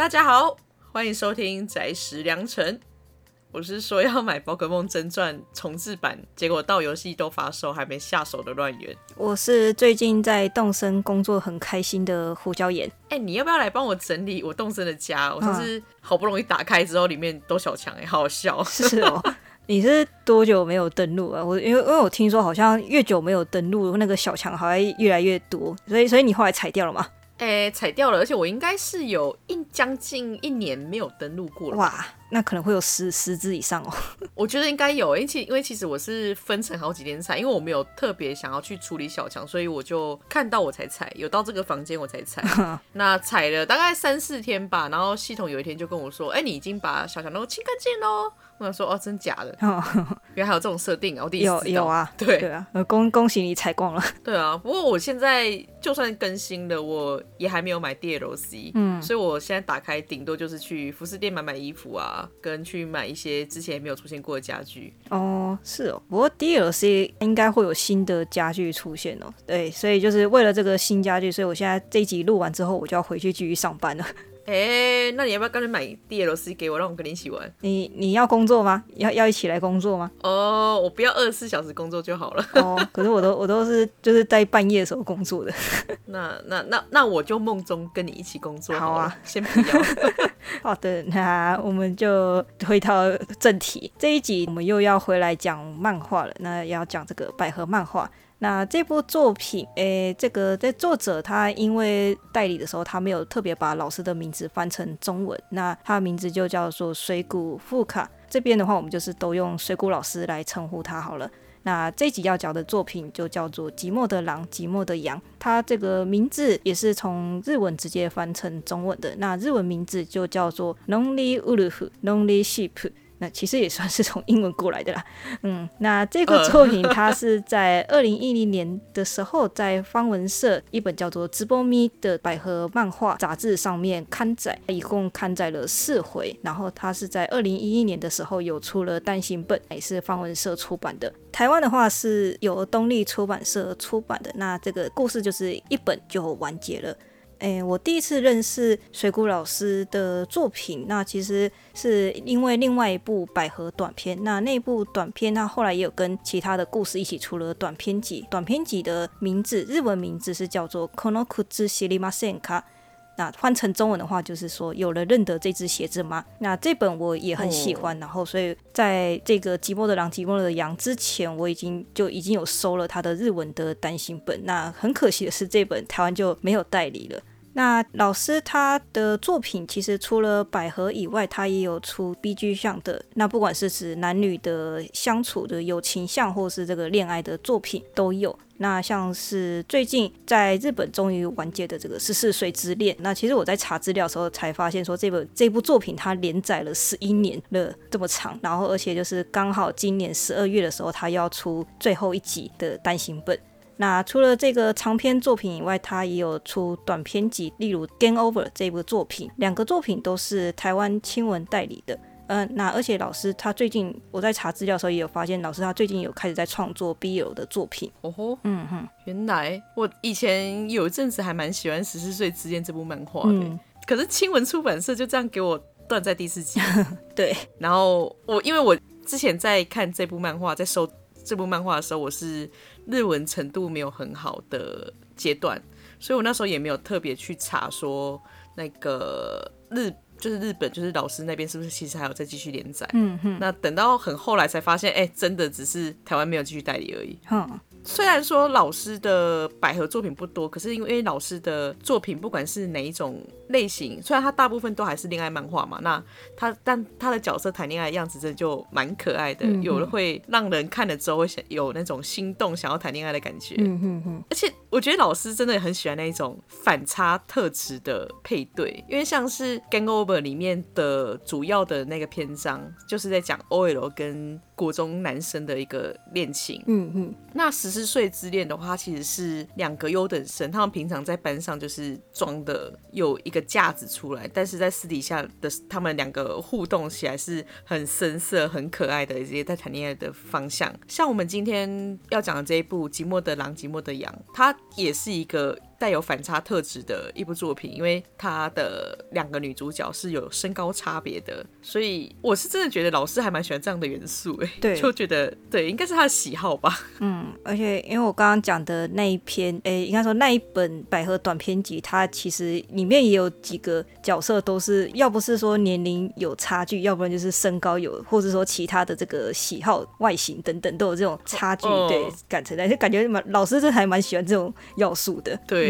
大家好，歡迎收聽宅時良辰。我是說要買《寶可夢真傳》重制版，結果到遊戲都發售還沒下手的亂源。我是最近在動森工作很開心的胡椒鹽。哎、欸，你要不要來幫我整理我動森的家？我是好不容易打開之後，裡面都小強哎、欸，好好笑。 是哦，你是多久沒有登錄啊？我因為因為我聽說好像越久沒有登錄，那個小強好像越來越多，所以所以，你後來踩掉了嗎？哎、欸，踩掉了，而且我應該是有一將近一年沒有登錄過了。哇，那可能會有十十只以上哦。我覺得應該有，因為其因為其實我是分成好幾天踩，因為我沒有特別想要去處理小強，所以我就看到我才踩，有到這個房間我才踩。 那踩了大概三四天吧，然後系統有一天就跟我說：“哎、欸，你已經把小強都清乾淨嘍。”我想說：“哦，真假的。 ”原來還有這種設定啊，我第一次有有啊，對對啊，恭恭喜你採光了。對啊，不過我現在就算更新了，我也還沒有買 DLC，嗯，所以我現在打開頂多就是去服飾店買買衣服啊，跟去買一些之前沒有出現過的家具。哦，是哦，不過 DLC 應該會有新的家具出現哦。對，所以就是為了這個新家具，所以我現在這一集錄完之後，我就要回去繼續上班了。哎、欸，那你要不要乾脆買 DLC 給我，讓我跟你一起玩？你你要工作嗎？要要一起來工作嗎？哦、oh,，我不要二十四小時工作就好了。哦、 oh,，可是我都我都是就是在半夜的時候工作的。 那那那那我就夢中跟你一起工作好。好啊，先不要。 好的，那我們就回到正題。這一集我們又要回來講漫畫了。那要講這個百合漫畫。那這部作品，誒、欸，這個在作者他因為代理的時候，他沒有特別把老師的名字翻成中文，那他的名字就叫做水谷フーカ。這邊的話，我們就是都用水谷老師來稱呼他好了。那這集要講的作品就叫做《寂寞的狼，寂寞的羊》，他這個名字也是從日文直接翻成中文的。那日文名字就叫做 Lonely Wolf，Lonely Sheep。那其實也算是從英文過來的啦，嗯，那這部作品它是在二零一零年的時候在芳文社一本叫做《直播咪》的百合漫畫雜誌上面刊載，一共刊載了四回，然後它是在二零一一年的時候有出了單行本，也是芳文社出版的。台灣的話是由東立出版社出版的，那這個故事就是一本就完結了。哎，我第一次認識水谷老師的作品，那其實是因為另外一部百合短片。那那部短片，他後來也有跟其他的故事一起出了短片集。短片集的名字，日文名字是叫做《この靴しりませんか》。那換成中文的話，就是說“有人認得這只鞋子嗎？”那這本我也很喜歡。哦、然後，所以在這個《寂寞的狼》《寂寞的羊》之前，我已經就已經有收了他的日文的單行本。那很可惜的是，這本台灣就沒有代理了。那老師他的作品其實除了百合以外，他也有出 BG 向的。那不管是指男女的相處的友情向，或是這個戀愛的作品都有。那像是最近在日本終於完結的這個十四歲之戀，那其實我在查資料的時候才發現，說這本這部作品它連載了十一年了這麼長，然後而且就是剛好今年十二月的時候，他要出最後一集的單行本。那除了這個長篇作品以外，他也有出短篇集，例如《Game Over》這部作品。兩個作品都是台灣青文代理的。嗯、呃，那而且老師他最近，我在查資料的時候也有發現，老師他最近有開始在創作 BL 的作品。哦吼，嗯哼，原來我以前有一陣子還蠻喜歡《十四歲之戀》這部漫畫的，嗯，可是青文出版社就這樣給我斷在第四集。 對，然後我因為我之前在看這部漫畫，在收。這部漫畫的時候，我是日文程度沒有很好的階段，所以我那時候也沒有特別去查說那個日就是日本就是老師那邊是不是其實還有在繼續連載。嗯哼，那等到很後來才發現，哎、欸，真的只是台灣沒有繼續代理而已。嗯雖然說老師的百合作品不多，可是因為因為老師的作品不管是哪一種類型，雖然他大部分都還是戀愛漫畫嘛，那他但他的角色談戀愛的樣子真的就蠻可愛的，嗯、有的會讓人看了之後會想有那種心動想要談戀愛的感覺。嗯哼，而且我覺得老師真的很喜歡那一種反差特質的配對，因為像是《GAME OVER》裡面的主要的那個篇章就是在講 OL 跟國中男生的一個戀情。嗯哼。那時。十四歲之戀的話，其實是兩個優等生，他們平常在班上就是裝的有一個架子出來，但是在私底下的他們兩個互動起來是很生澀、很可愛的，直接在談戀愛的方向。像我們今天要講的這一部《寂寞的狼，寂寞的羊》，它也是一個。帶有反差特質的一部作品，因為她的兩個女主角是有身高差別的，所以我是真的覺得老師還蠻喜歡這樣的元素，欸，哎，對，就覺得對，應該是他的喜好吧。嗯，而且因為我剛剛講的那一篇，哎，欸，應該說那一本百合短篇集，它其實裡面也有幾個角色都是要不是說年齡有差距，要不然就是身高有，或者說其他的這個喜好，外形等等都有這種差距，哦，對，感存在就感覺蠻，老師真的還蠻喜歡這種要素的，對。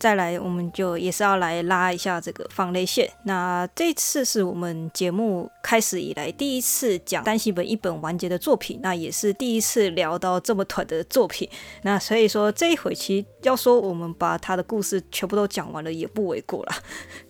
再來，我們就也是要來拉一下這個放雷線。那這次是我們節目開始以來第一次講單行本一本完結的作品，那也是第一次聊到這麼短的作品。那所以說這一回其實要說我們把他的故事全部都講完了，也不為過啦。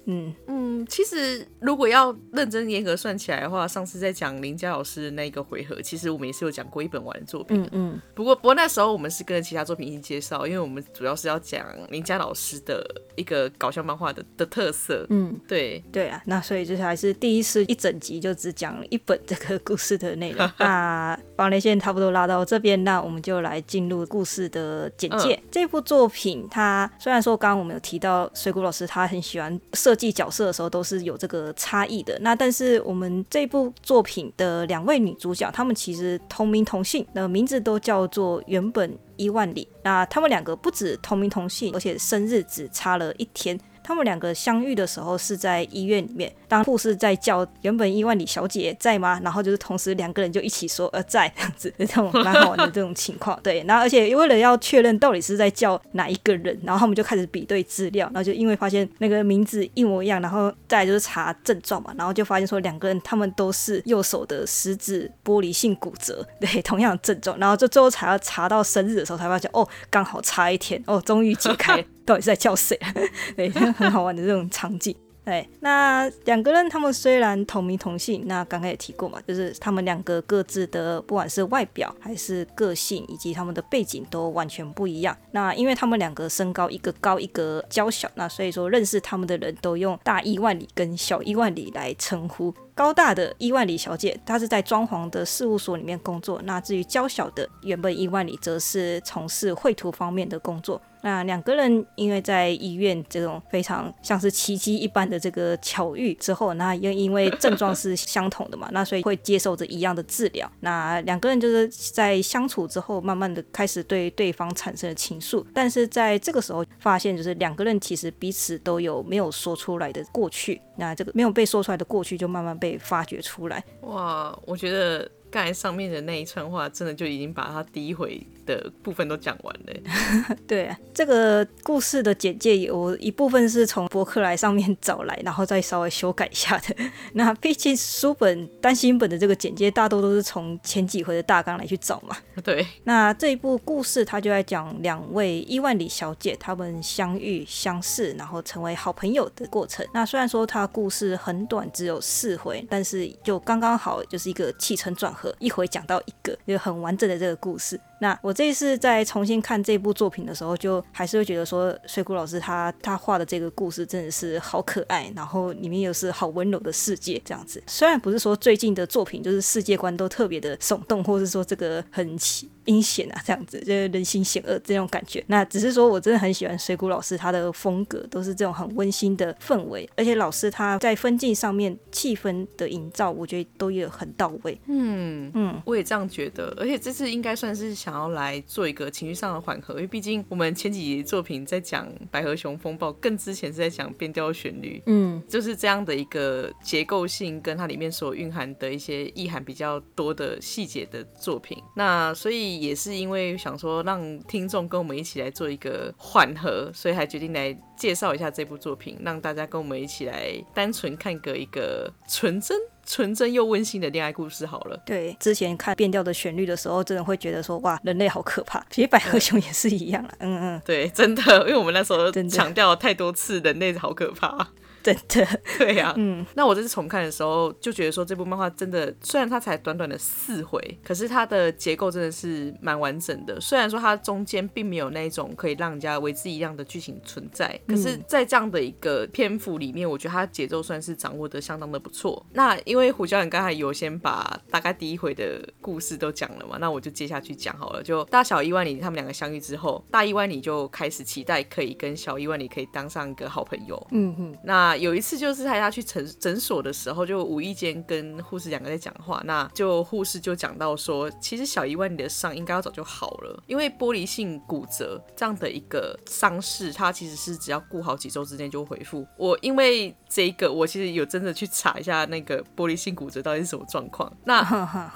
嗯嗯，其實如果要認真嚴格算起來的話，上次在講林佳老師的那個回合，其實我們也是有講過一本完的作品。嗯，嗯。不過不過那時候我們是跟其他作品一起介紹，因為我們主要是要講林佳老師。的一個搞笑漫畫的的特色，嗯，對，對啊，那所以就是還是第一次一整集就只講一本這個故事的內容。 那把雷線差不多拉到這邊，那我們就來進入故事的簡介。嗯、這部作品它雖然說剛剛我們有提到水谷老師，他很喜歡設計角色的時候都是有這個差異的。那但是我們這部作品的兩位女主角，她們其實同名同姓，那名字都叫做原本。一萬里，那他們兩個不止同名同姓，而且生日只差了一天。他們兩個相遇的時候是在醫院裡面，當護士在叫“原本伊萬里小姐在嗎？”然後就是同時兩個人就一起說“呃，在”這樣子，這種蠻好玩的這種情況。 對，然後而且為了要確認到底是在叫哪一個人，然後他們就開始比對資料，然後就因為發現那個名字一模一樣，然後再來就是查症狀嘛，然後就發現說兩個人他們都是右手的食指玻璃性骨折，對，同樣的症狀，然後就最後才要查到生日的時候才發現，哦，剛好差一天，哦，終於解開。 到底是在叫誰？ 對，很好玩的這種場景。對，那兩個人他們雖然同名同姓，那剛剛也提過嘛，就是他們兩個各自的不管是外表還是個性以及他們的背景都完全不一樣。那因為他們兩個身高一個高一個嬌小，那所以說認識他們的人都用大伊萬里跟小伊萬里來稱呼。高大的伊萬里小姐，她是在裝潢的事務所裡面工作。那至於嬌小的原本伊萬里，則是從事繪圖方面的工作。那兩個人因為在醫院這種非常像是奇蹟一般的這個巧遇之後，那又因為症狀是相同的嘛，那所以會接受着一樣的治療。那兩個人就是在相處之後，慢慢的開始對對方產生了情愫。但是在這個時候，發現就是兩個人其實彼此都有沒有說出來的過去。那這個沒有被說出來的過去，就慢慢被發掘出來。哇，我覺得剛才上面的那一串話，真的就已經把它詆毀。的部分都講完了，欸。 對啊，這個故事的簡介有一部分是從博客來上面找來，然後再稍微修改一下的。 那畢竟書本單行本的這個簡介，大多都是從前幾回的大綱來去找嘛。對，那這一部故事，它就在講兩位伊萬里小姐她們相遇相識，然後成為好朋友的過程。那雖然說它的故事很短，只有四回，但是就剛剛好就是一個起承轉合，一回講到一個，就很完整的這個故事。那我這一次在重新看這部作品的時候，就還是會覺得說，水谷老師他他畫的這個故事真的是好可愛，然後裡面又是好溫柔的世界這樣子。雖然不是說最近的作品就是世界觀都特別的聳動，或是說這個很奇。陰險啊，這樣子，就是人心險惡這種感覺。那只是說，我真的很喜歡水谷老師他的風格，都是這種很溫馨的氛圍，而且老師他在分鏡上面氣氛的營造，我覺得都有很到位。嗯嗯，我也這樣覺得。而且這次應該算是想要來做一個情緒上的緩和，因為畢竟我們前幾集作品在講《百合熊風暴》，更之前是在講《變調旋律》。嗯，就是這樣的一個結構性，跟它裡面所蘊含的一些意涵比較多的細節的作品。那所以。也是因為想說讓聽眾跟我們一起來做一個緩和，所以還決定來介紹一下這部作品，讓大家跟我們一起來單純看個一個純真、純真又溫馨的戀愛故事好了。對，之前看變調的旋律的時候，真的會覺得說，哇，人類好可怕。其實百合熊也是一樣啦，嗯嗯，對，真的，因為我們那時候強調了太多次，人類好可怕。真的，對呀、啊，嗯，那我這次重看的時候就覺得說，這部漫畫真的，雖然它才短短的四回，可是它的結構真的是蠻完整的。雖然說它中間並沒有那一種可以讓人家為之一樣的劇情存在，嗯、可是，在這樣的一個篇幅裡面，我覺得它節奏算是掌握得相當的不錯。那因為胡教忍剛才有先把大概第一回的故事都講了嘛，那我就接下去講好了。就大小一萬里，他們兩個相遇之後，大一萬里就開始期待可以跟小一萬里可以當上一個好朋友。嗯哼，那。 有一次就是在他去診診所的時候，就無意間跟護士兩個在講話，那就護士就講到說，其實小一萬你的傷應該要早就好了，因為玻璃性骨折這樣的一個傷勢，它其實是只要顧好幾周之間就恢復。我因為這一個我其實有真的去查一下那個玻璃性骨折到底是什麼狀況。那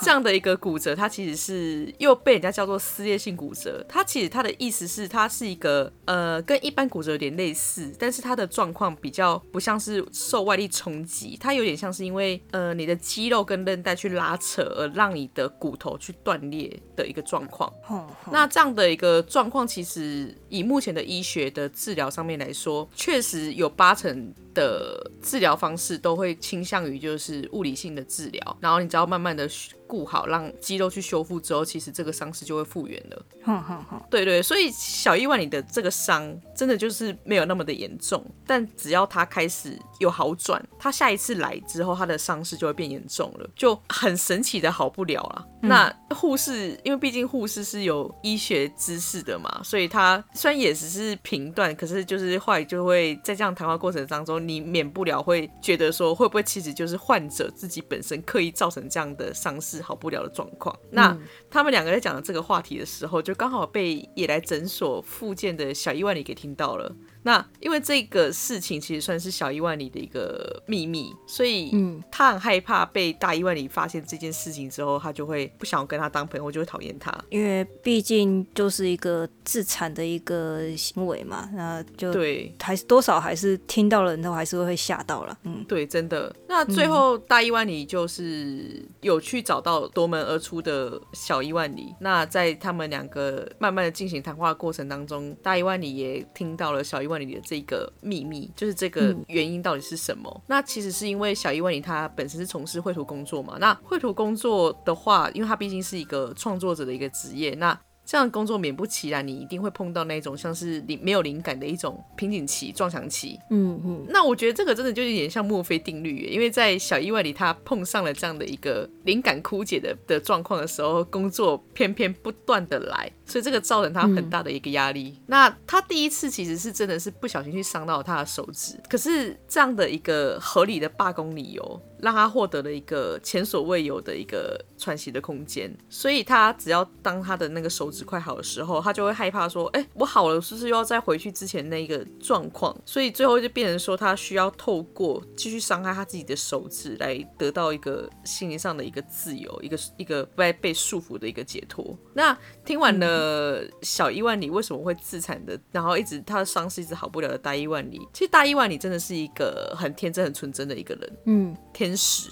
這樣的一個骨折，它其實是又被人家叫做撕裂性骨折。它其實它的意思是，它是一個呃跟一般骨折有點類似，但是它的狀況比較不像是受外力衝擊，它有點像是因為呃你的肌肉跟韌帶去拉扯而讓你的骨頭去斷裂的一個狀況。那這樣的一個狀況，其實以目前的醫學的治療上面來說，確實有八成，的治療方式都會傾向於就是物理性的治療，然後你只要慢慢的。顧好，讓肌肉去修復之後，其實這個傷勢就會復原了。嗯嗯嗯、對，對對，所以小意外，你的這個傷真的就是沒有那麼的嚴重，但只要他開始有好轉，他下一次來之後，他的傷勢就會變嚴重了，就很神奇的好不了啦。嗯、那護士，因為畢竟護士是有醫學知識的嘛，所以他雖然也只是評斷，可是就是話語就會在這樣談話過程當中，你免不了會覺得說，會不會其實就是患者自己本身刻意造成這樣的傷勢？治好不了的狀況。那、嗯、他們兩個在講這個話題的時候，就剛好被也來診所復健的小伊萬里給聽到了。那因為這個事情其實算是小一萬里的一個秘密，所以，嗯，他很害怕被大一萬里發現這件事情之後，他就會不想要跟他當朋友，就會討厭他。因為畢竟就是一個自殘的一個行為嘛，那就對，還是多少還是聽到了，然後還是會嚇到了。嗯，對，真的。那最後大一萬里就是有去找到奪門而出的小一萬里，那在他們兩個慢慢的進行談話過程當中，大一萬里也聽到了小一萬。你的這個秘密就是這個原因到底是什麼？嗯、那其實是因為小伊萬里他本身是從事繪圖工作嘛。那繪圖工作的話，因為他畢竟是一個創作者的一個職業，那這樣的工作免不其然，你一定會碰到，那種像是靈沒有靈感的一種瓶頸期、撞牆期。嗯嗯。那我覺得這個真的就有點像墨菲定律耶，因為在小伊萬里他碰上了這樣的一個靈感枯竭的的狀況的時候，工作偏偏不斷的來。所以這個造成他很大的一個壓力，嗯。那他第一次其實是真的是不小心去傷到他的手指，可是這樣的一個合理的罷工理由，讓他獲得了一個前所未有的一個喘息的空間。所以他只要當他的那個手指快好的時候，他就會害怕說，哎、欸，我好了，我是不是又要再回去之前那個狀況？所以最後就變成說，他需要透過繼續傷害他自己的手指來得到一個心靈上的一個自由，一個一個不再被束縛的一個解脫。那聽完了。嗯呃、那個，小一萬里為什麼會自殘的，然後一直他的傷勢一直好不了的。大一萬里，其實大一萬里真的是一個很天真、很純真的一個人，嗯，天使，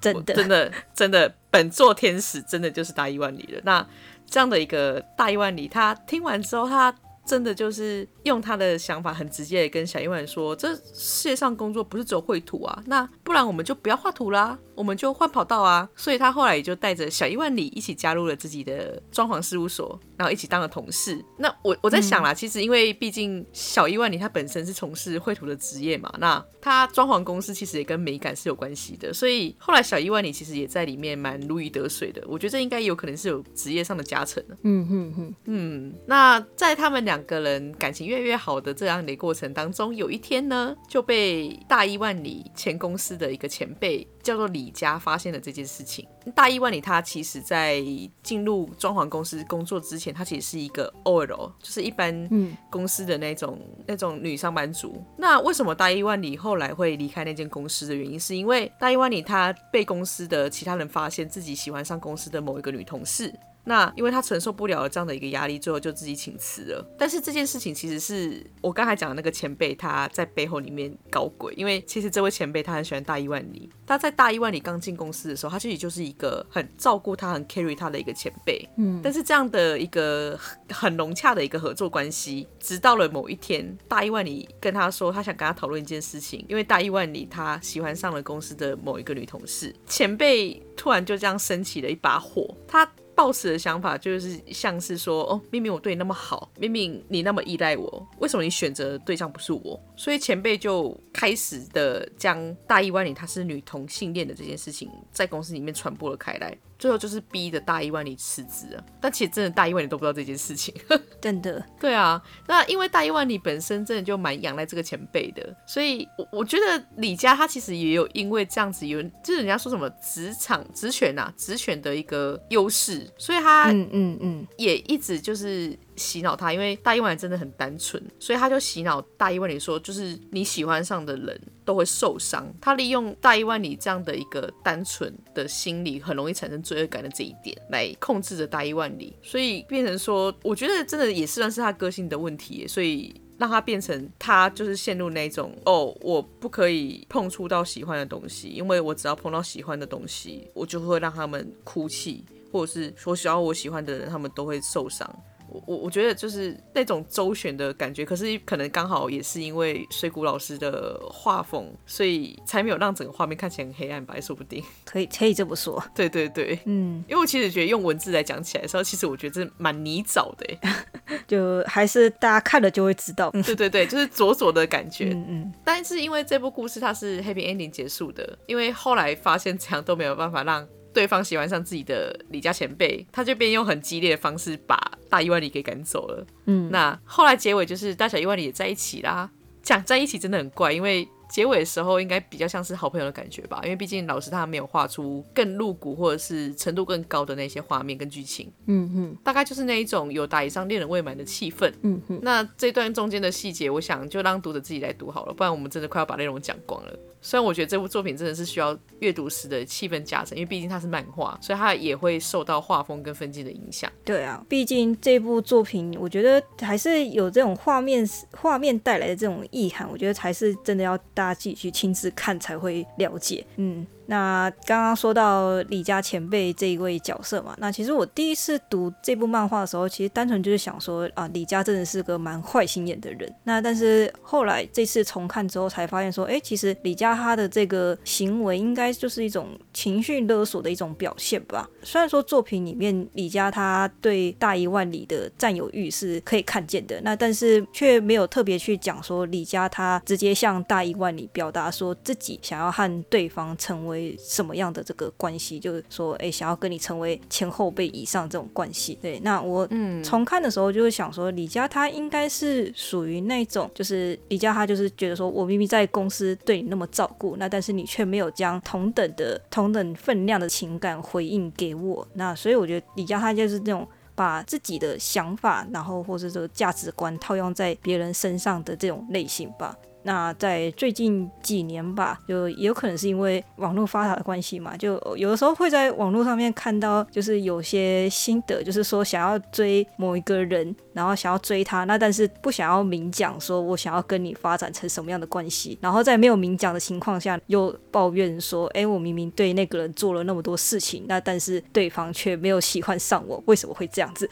真的， 真的，真的，本座天使真的就是大一萬里了。那這樣的一個大一萬里，他聽完之後，他。真的就是用他的想法很直接的跟小伊萬說，這世界上工作不是只有繪圖啊，那不然我們就不要畫圖啦，我們就換跑道啊。所以他後來也就帶着小伊萬里一起加入了自己的裝潢事務所，然後一起當了同事。那我我在想啦，嗯，其實因為畢竟小伊萬里他本身是從事繪圖的職業嘛，那他裝潢公司其實也跟美感是有關係的，所以後來小伊萬里其實也在裡面蠻如魚得水的。我覺得這應該有可能是有職業上的加成啊。嗯嗯嗯嗯。那在他們兩。兩個人感情越來越好，的這樣的過程當中，有一天呢，就被大一萬里前公司的一個前輩叫做李佳發現了這件事情。大一萬里他其實在進入裝潢公司工作之前，他其實是一個 OL，就是一般公司的那種、嗯、那種女上班族。那為什麼大一萬里後來會離開那間公司的原因，是因為大一萬里他被公司的其他人發現自己喜歡上公司的某一個女同事。那因為他承受不了這樣的一個壓力，最後就自己請辭了。但是這件事情其實是我剛才講的那個前輩，他在背後裡面搞鬼。因為其實這位前輩他很喜歡大一萬里，他在大一萬里剛進公司的時候，他其實就是一個很照顧他、很 carry 他的一個前輩。嗯，但是這樣的一個很，很融洽的一個合作關係，直到了某一天，大一萬里跟他說他想跟他討論一件事情，因為大一萬里他喜歡上了公司的某一個女同事，前輩突然就這樣升起了一把火，他。抱持的想法就是像是說，哦，明明我對你那麼好，明明你那麼依賴我，為什麼你選擇對象不是我？所以前輩就開始的將大義萬里她是女同性戀的這件事情在公司裡面傳播了開來。最後就是逼着大一萬里辭職啊！但其實真的大一萬里都不知道這件事情，真的。 對啊，那因為大一萬里本身真的就蠻仰賴這個前輩的，所以，我我覺得李家他其實也有因為這樣子有，就是人家說什麼職場職權吶，職權、啊、的一個優勢，所以他嗯嗯嗯也一直就是。洗腦他，因為大一萬里真的很單純，所以他就洗腦大一萬里說，就是你喜歡上的人都會受傷。他利用大一萬里這樣的一個單純的心理，很容易產生罪惡感的這一點來控制着大一萬里，所以變成說，我覺得真的也是算是他個性的問題，所以讓他變成他就是陷入那種哦，我不可以碰觸到喜歡的東西，因為我只要碰到喜歡的東西，我就會讓他們哭泣，或者是說需要我喜歡的人，他們都會受傷。我我覺得就是那種周旋的感覺，可是可能剛好也是因為水谷老師的畫風，所以才沒有讓整個畫面看起來很黑暗吧，說不定可以可以這麼說。對對對，嗯，因為我其實覺得用文字來講起來的時候，其實我覺得這蠻泥沼的，就還是大家看了就會知道。對對對，就是佐佐的感覺。嗯嗯。但是因為這部故事它是 happy ending 結束的，因為後來發現這樣都沒有辦法讓。對方喜歡上自己的李家前輩，他就變用很激烈的方式把大一萬里給趕走了。嗯，那後來結尾就是大小一萬里也在一起啦，講在一起真的很怪，因為。結尾的時候應該比較像是好朋友的感覺吧，因為畢竟老師他沒有畫出更露骨或者是程度更高的那些畫面跟劇情。嗯哼，大概就是那一種友達以上戀人未滿的氣氛。嗯哼，那這段中間的細節，我想就讓讀者自己來讀好了，不然我們真的快要把內容講光了。雖然我覺得這部作品真的是需要閱讀時的氣氛加成，因為畢竟它是漫畫，所以它也會受到畫風跟分鏡的影響。對啊，畢竟這部作品，我覺得還是有這種畫面畫面帶來的這種意涵，我覺得才是真的要大家自己去親自看才會了解，嗯。那剛剛說到李家前輩這一位角色嘛，那其實我第一次讀這部漫畫的時候，其實單純就是想說啊，李佳真的是個蠻壞心眼的人。那但是後來這次重看之後，才發現說，哎，其實李佳他的這個行為應該就是一種情緒勒索的一種表現吧。雖然說作品裡面李佳他對大一萬里的占有欲是可以看見的，那但是卻沒有特別去講說李佳他直接向大一萬里表達說自己想要和對方成為。為什麼樣的這個關係，就是說，哎、欸，想要跟你成為前後輩以上這種關係。對，那我重看的時候，就是想說，李佳他應該是屬於那種，就是李佳他就是覺得說，我明明在公司對你那麼照顧，那但是你卻沒有將同等的同等分量的情感回應給我。那所以我覺得李佳他就是這種把自己的想法，然後或者說價值觀套用在別人身上的這種類型吧。那在最近幾年吧，就也有可能是因為網絡發達的關係嘛，就有的時候會在網絡上面看到，就是有些心得，就是說想要追某一個人，然後想要追他，那但是不想要明講說我想要跟你發展成什麼樣的關係，然後在沒有明講的情況下，又抱怨說，哎、欸，我明明對那個人做了那麼多事情，那但是對方卻沒有喜歡上我，為什麼會這樣子？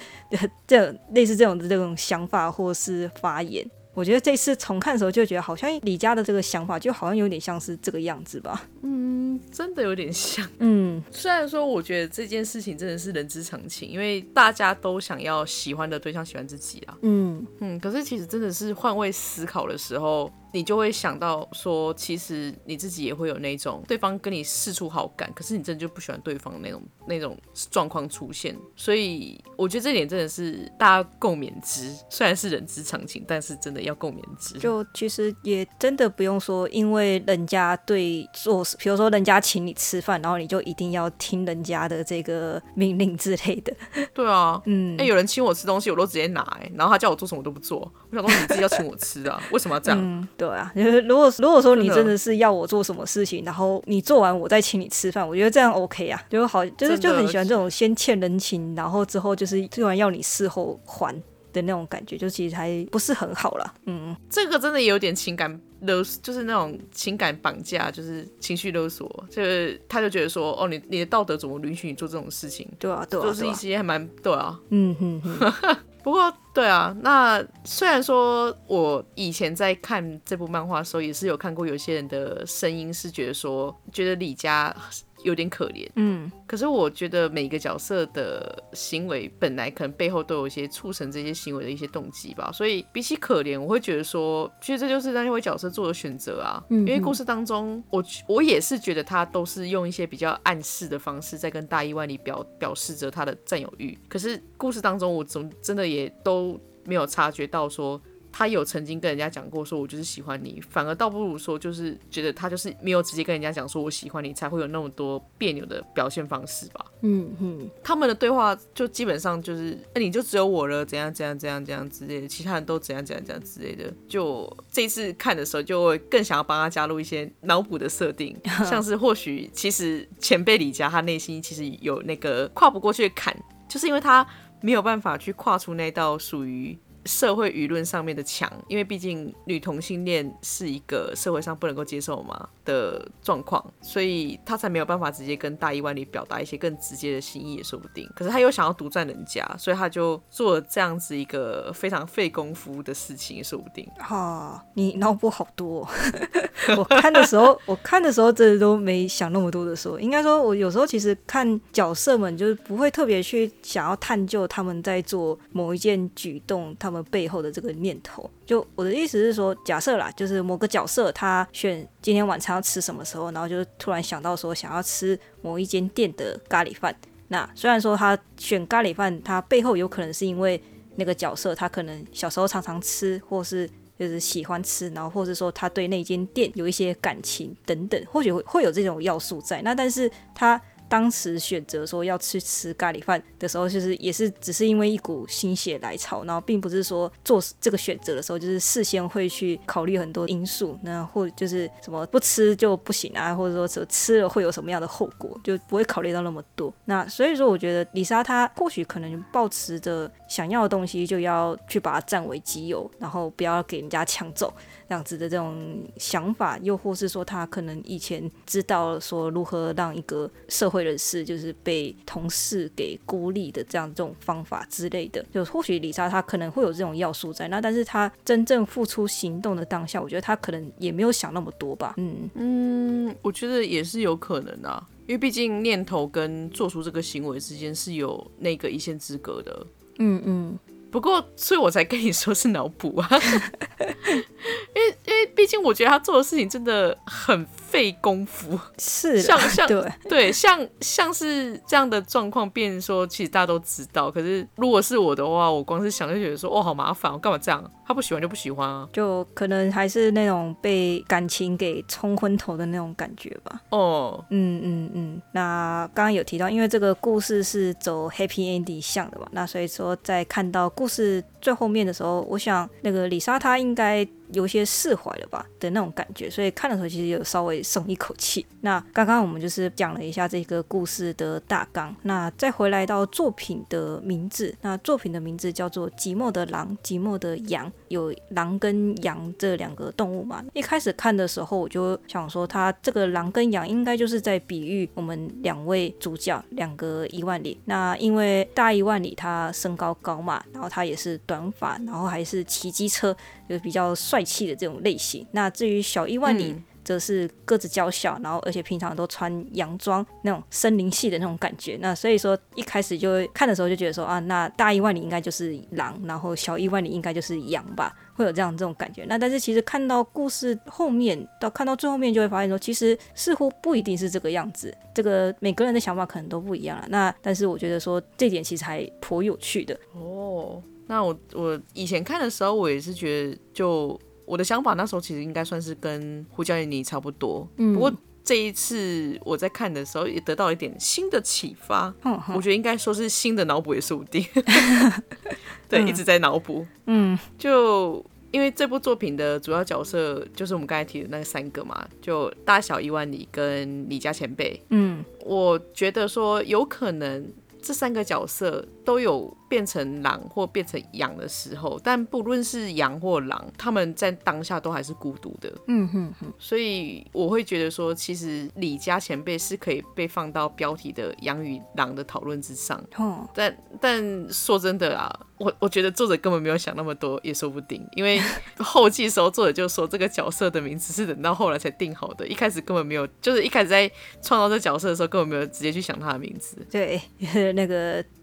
這 類似這種的這種想法或是發言。我覺得這次重看的時候就覺得，好像李佳的這個想法就好像有點像是這個樣子吧。嗯，真的有點像。嗯，雖然說我覺得這件事情真的是人之常情，因為大家都想要喜歡的對象喜歡自己啊。嗯嗯，可是其實真的是換位思考的時候。你就會想到說，其實你自己也會有那種對方跟你釋出好感，可是你真的就不喜歡對方的那種那種狀況出現。所以我覺得這點真的是大家共勉之，雖然是人之常情，但是真的要共勉之。就其實也真的不用說，因為人家對做，比如說人家請你吃飯，然後你就一定要聽人家的這個命令之類的。對啊，嗯，哎、欸，有人請我吃東西，我都直接拿、欸，然後他叫我做什麼我都不做。我想說，你自己要請我吃啊， 為什麼要這樣？嗯對啊，就是、如果如果說你真的是要我做什麼事情，然後你做完我再請你吃飯，我覺得這樣 OK 啊，就好，就是就很喜歡這種先欠人情，然後之後就是最完要你事後還的那種感覺，就其實還不是很好了。嗯，這個真的有點情感勒索，就是那種情感綁架，就是情緒勒索，就是他就覺得說，哦，你你的道德怎麼允許你做這種事情？對啊，對啊，就,就是一些還蠻對啊,對啊。嗯哼,哼。 不過，對啊，那雖然說我以前在看這部漫畫的時候，也是有看過有些人的聲音，是覺得說，覺得李佳。有點可憐，嗯，可是我覺得每一個角色的行為本來可能背後都有一些促成這些行為的一些動機吧，所以比起可憐，我會覺得說，其實這就是那一位角色做的選擇啊，嗯，因為故事當中，我我也是覺得他都是用一些比較暗示的方式在跟大意萬里表表示着他的佔有慾，可是故事當中我總真的也都沒有察覺到說。他有曾經跟人家講過，說我就是喜歡你，反而倒不如說，就是覺得他就是沒有直接跟人家講說我喜歡你，才會有那麼多彆扭的表現方式吧。嗯哼、嗯，他們的對話就基本上就是，哎、欸，你就只有我了，怎樣怎樣怎樣怎樣之類的，其他人都怎樣怎樣怎樣之類的。就這一次看的時候，就會更想要幫他加入一些腦補的設定，嗯，像是或許其實前輩李佳他內心其實有那個跨不過去的坎，就是因為他沒有辦法去跨出那道屬於，社會輿論上面的牆，因為畢竟女同性戀是一個社會上不能夠接受嘛的，的狀況，所以他才沒有辦法直接跟大一萬里表達一些更直接的心意也說不定。可是他又想要獨佔人家，所以他就做了這樣子一個非常費功夫的事情也說不定。啊，你腦補好多， 我看的時候， 我看的時候，真的都沒想那麼多的時候，應該說，我有時候其實看角色們，就是不會特別去想要探究他們在做某一件舉動，他們。背後的這個念頭，就我的意思是說，假設啦，就是某個角色他選今天晚餐要吃什麼時候，然後就突然想到說想要吃某一間店的咖喱飯。那雖然說他選咖喱飯，他背後有可能是因為那個角色他可能小時候常常吃，或是就是喜歡吃，然後或是說他對那間店有一些感情等等，或許會會有這種要素在。那但是他。當時選擇說要去吃咖喱飯的時候，就是也是只是因為一股心血來潮，然後並不是說做這個選擇的時候，就是事先會去考慮很多因素，那或就是什麼不吃就不行啊，或者說什麼吃了會有什麼樣的後果，就不會考慮到那麼多。那所以說，我覺得麗莎她或許可能抱持着想要的東西就要去把它占為己有，然後不要給人家搶走。這樣子的這種想法，又或是說他可能以前知道說如何讓一個社會人士就是被同事給孤立的這樣這種方法之類的，就或許李莎他可能會有這種要素在那，但是他真正付出行動的當下，我覺得他可能也沒有想那麼多吧。嗯嗯，我覺得也是有可能的啊，因為畢竟念頭跟做出這個行為之間是有那個一線之隔的。嗯嗯。不過，所以我才跟你說是腦補啊 因，因為因為畢竟我覺得他做的事情真的很費功夫。 是像像對對像像是這樣的狀況，變成說其實大家都知道。可是如果是我的話，我光是想就覺得說，哦，好麻煩，我幹嘛這樣？他不喜歡就不喜歡啊，就可能還是那種被感情給沖昏頭的那種感覺吧。哦、oh. 嗯，嗯嗯嗯。那剛剛有提到，因為這個故事是走 Happy Ending 向的嘛，那所以說在看到故事最後面的時候，我想那個李莎她應該。有些釋懷了吧的那種感覺，所以看的時候其實也有稍微鬆一口氣。那剛剛我們就是講了一下這個故事的大綱，那再回來到作品的名字，那作品的名字叫做《寂寞的狼，寂寞的羊》。有狼跟羊這兩個動物嘛，一開始看的時候，我就想說，他這個狼跟羊應該就是在比喻我們兩位主角兩個一萬里。那因為大一萬里他身高高嘛，然後他也是短髮，然後還是騎機車，就比較帥氣的這種類型。那至於小一萬里，嗯則是個子嬌小，然後而且平常都穿洋裝，那種森林系的那種感覺。那所以說一開始就會看的時候就覺得說啊，那大一萬里應該就是狼，然後小一萬里應該就是羊吧，會有這樣的這種感覺。那但是其實看到故事後面到看到最後面就會發現說，其實似乎不一定是這個樣子。這個每個人的想法可能都不一樣了。那但是我覺得說這點其實還頗有趣的哦。那我我以前看的時候我也是覺得就。我的想法那時候其實應該算是跟胡教練你差不多，嗯，不過這一次我在看的時候也得到一點新的啟發，嗯，我覺得應該說是新的腦補也說不定。嗯、 對，一直在腦補。嗯，就因為這部作品的主要角色就是我們剛才提的那三個嘛，就大小一萬里跟李家前輩。嗯，我覺得說有可能這三個角色都有變成狼或變成羊的時候，但不論是羊或狼，他們在當下都還是孤獨的。嗯哼、嗯嗯、所以我會覺得說，其實李家前輩是可以被放到標題的“羊與狼”的討論之上。嗯、但但說真的啊，我我覺得作者根本沒有想那麼多，也說不定。因為後記的時候，作者就說這個角色的名字是等到後來才定好的，一開始根本沒有，就是一開始在創造這角色的時候，根本沒有直接去想他的名字。對，那個。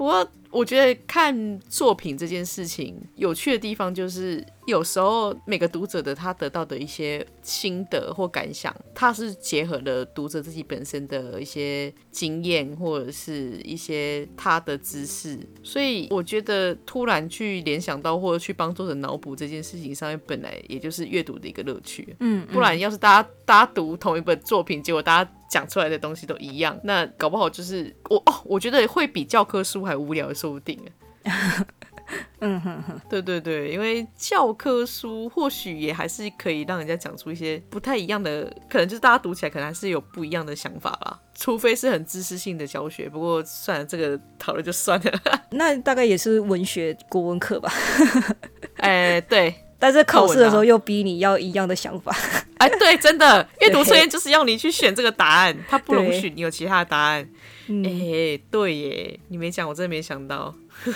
不過，我覺得看作品這件事情有趣的地方，就是有時候每個讀者的他得到的一些心得或感想，他是結合了讀者自己本身的一些經驗或者是一些他的知識，所以我覺得突然去聯想到或者去幫作者腦補這件事情上面，本來也就是閱讀的一個樂趣。嗯，不然要是大家大家讀同一本作品，結果大家講出來的東西都一樣，那搞不好就是我哦，我覺得會比教科書還。太無聊也說不定。嗯，對對對，因為教科書或許也還是可以讓人家講出一些不太一樣的，可能就是大家讀起來可能還是有不一樣的想法吧。除非是很知識性的教學，不過算了，這個討論就算了 。那大概也是文學國文課吧 哎、欸，對。但是考試的時候又逼你要一樣的想法，啊， 哎，對，真的，閱讀測驗就是要你去選這個答案，他不容許你有其他的答案。哎、欸，對耶，你沒講，我真的沒想到。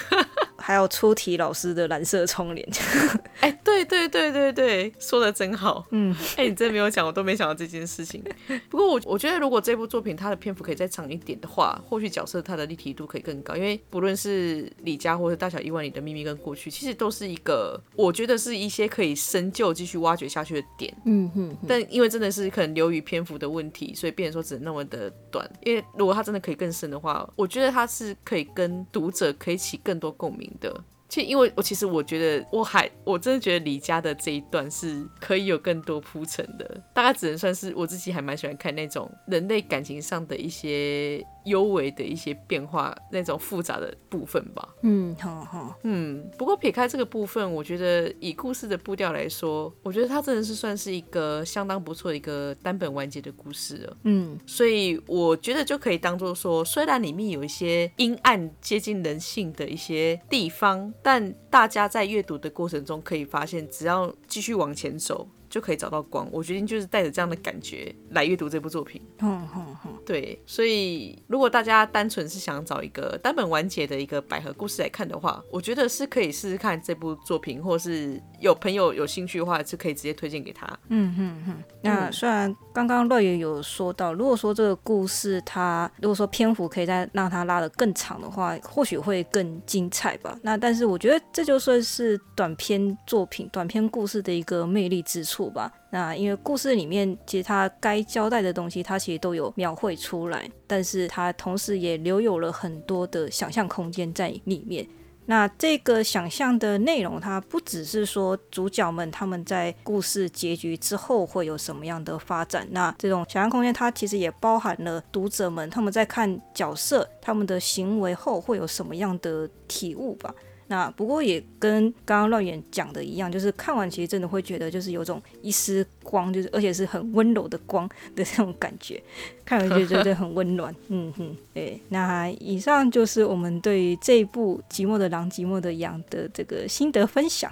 還有出題老師的藍色窗簾， 哎對對對對，說得真好。嗯、哎、欸，你真的沒有講，我都沒想到這件事情。不過我我覺得，如果這部作品它的篇幅可以再長一點的話，或許角色它的立體度可以更高。因為不論是李家或是大小一萬里的秘密跟過去，其實都是一個我覺得是一些可以深究、繼續挖掘下去的點。嗯哼，哼。但因為真的是可能由於篇幅的問題，所以變成說只能那麼的短。因為如果它真的可以更深的話，我覺得它是可以跟讀者可以起更多共鳴的。因為我其實我覺得我還我真的覺得李家的這一段是可以有更多鋪陳的，大概只能算是我自己還蠻喜歡看那種人類感情上的一些。幽微的一些變化，那種複雜的部分吧。嗯，好好，嗯。不過撇開這個部分，我覺得以故事的步調來說，我覺得它真的是算是一個相當不錯的一個單本完結的故事了。嗯，所以我覺得就可以當做說，雖然裡面有一些陰暗接近人性的一些地方，但大家在閱讀的過程中可以發現，只要繼續往前走，就可以找到光。我決定就是帶着這樣的感覺來閱讀這部作品。哦哦哦。對。所以如果大家單純是想找一個單本完結的一個百合故事來看的話，我覺得是可以試試看這部作品。或是有朋友有興趣的話，就可以直接推薦給他。嗯嗯嗯。那雖然剛剛樂爺有說到，如果說這個故事它如果說篇幅可以再讓它拉得更長的話，或許會更精彩吧。那但是我覺得這就算是短篇作品、短篇故事的一個魅力之處。吧，那因為故事裡面其實它該交代的東西，它其實都有描繪出來，但是它同時也留有了很多的想象空間在裡面。那這個想象的內容，它不只是說主角們他們在故事結局之後會有什麼樣的發展，那這種想象空間它其實也包含了讀者們他們在看角色他們的行為後會有什麼樣的體悟吧。那不過也跟剛剛亂遠講的一樣，就是看完其實真的會覺得，就是有種一絲光，就是而且是很溫柔的光的這種感覺，看完就覺得就很溫暖。 嗯哼，對。那以上就是我們對於這一部《寂寞的狼，寂寞的羊》的這個心得分享。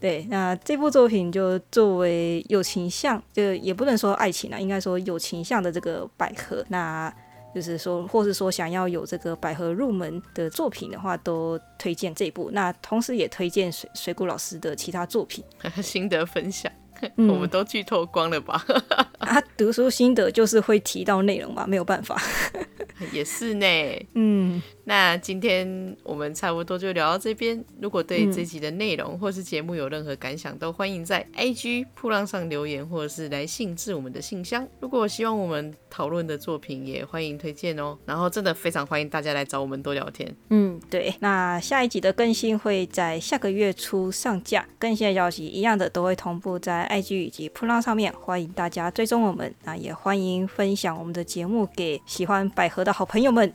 對，那這部作品就作為友情向，就也不能說愛情了，啊，應該說友情向的這個百合。那就是說，或是說想要有這個百合入門的作品的話，都推薦這一部。那同時也推薦水水谷老師的其他作品。心得分享、嗯，我們都劇透光了吧？他、 啊、讀書心得就是會提到內容吧，沒有辦法。 也是呢，嗯，那今天我們差不多就聊到這邊。如果對這集的內容或是節目有任何感想，都歡迎在 IG 噗浪上留言，或者是來信至我們的信箱。如果希望我們討論的作品，也歡迎推薦哦。然後真的非常歡迎大家來找我們多聊天。嗯，對，那下一集的更新會在下個月初上架，更新的消息一樣的，都會同步在 IG 以及噗浪上面，歡迎大家追蹤我們。那也歡迎分享我們的節目給喜歡百合的好朋友們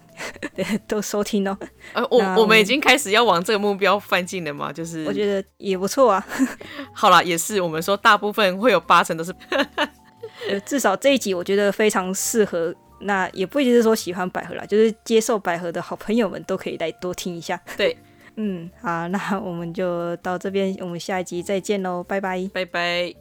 都收聽哦，呃，我我們，我，我們已經開始要往這個目標奮進了嘛，就是我覺得也不錯啊。 好啦，也是我們說大部分會有八成都是， 至少這一集我覺得非常適合。那也不一定是說喜歡百合啦，就是接受百合的好朋友們都可以來多聽一下。對，嗯，好，那我們就到這邊，我們下一集再見嘍，拜拜，拜拜。